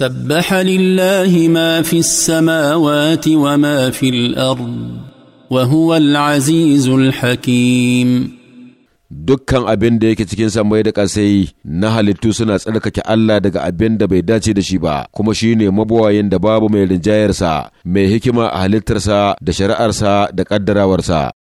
سبح لله ما في السماوات وما في الأرض وهو العزيز الحكيم dukkan abin da yake cikin samai da ƙasai na halittu suna tsarkake Allah daga abin da bai dace da shi ba kuma shi ne mabawayin da babu mai rinjayarsa mai hikima a halittarsa da shari'arsa da ƙaddarawarsa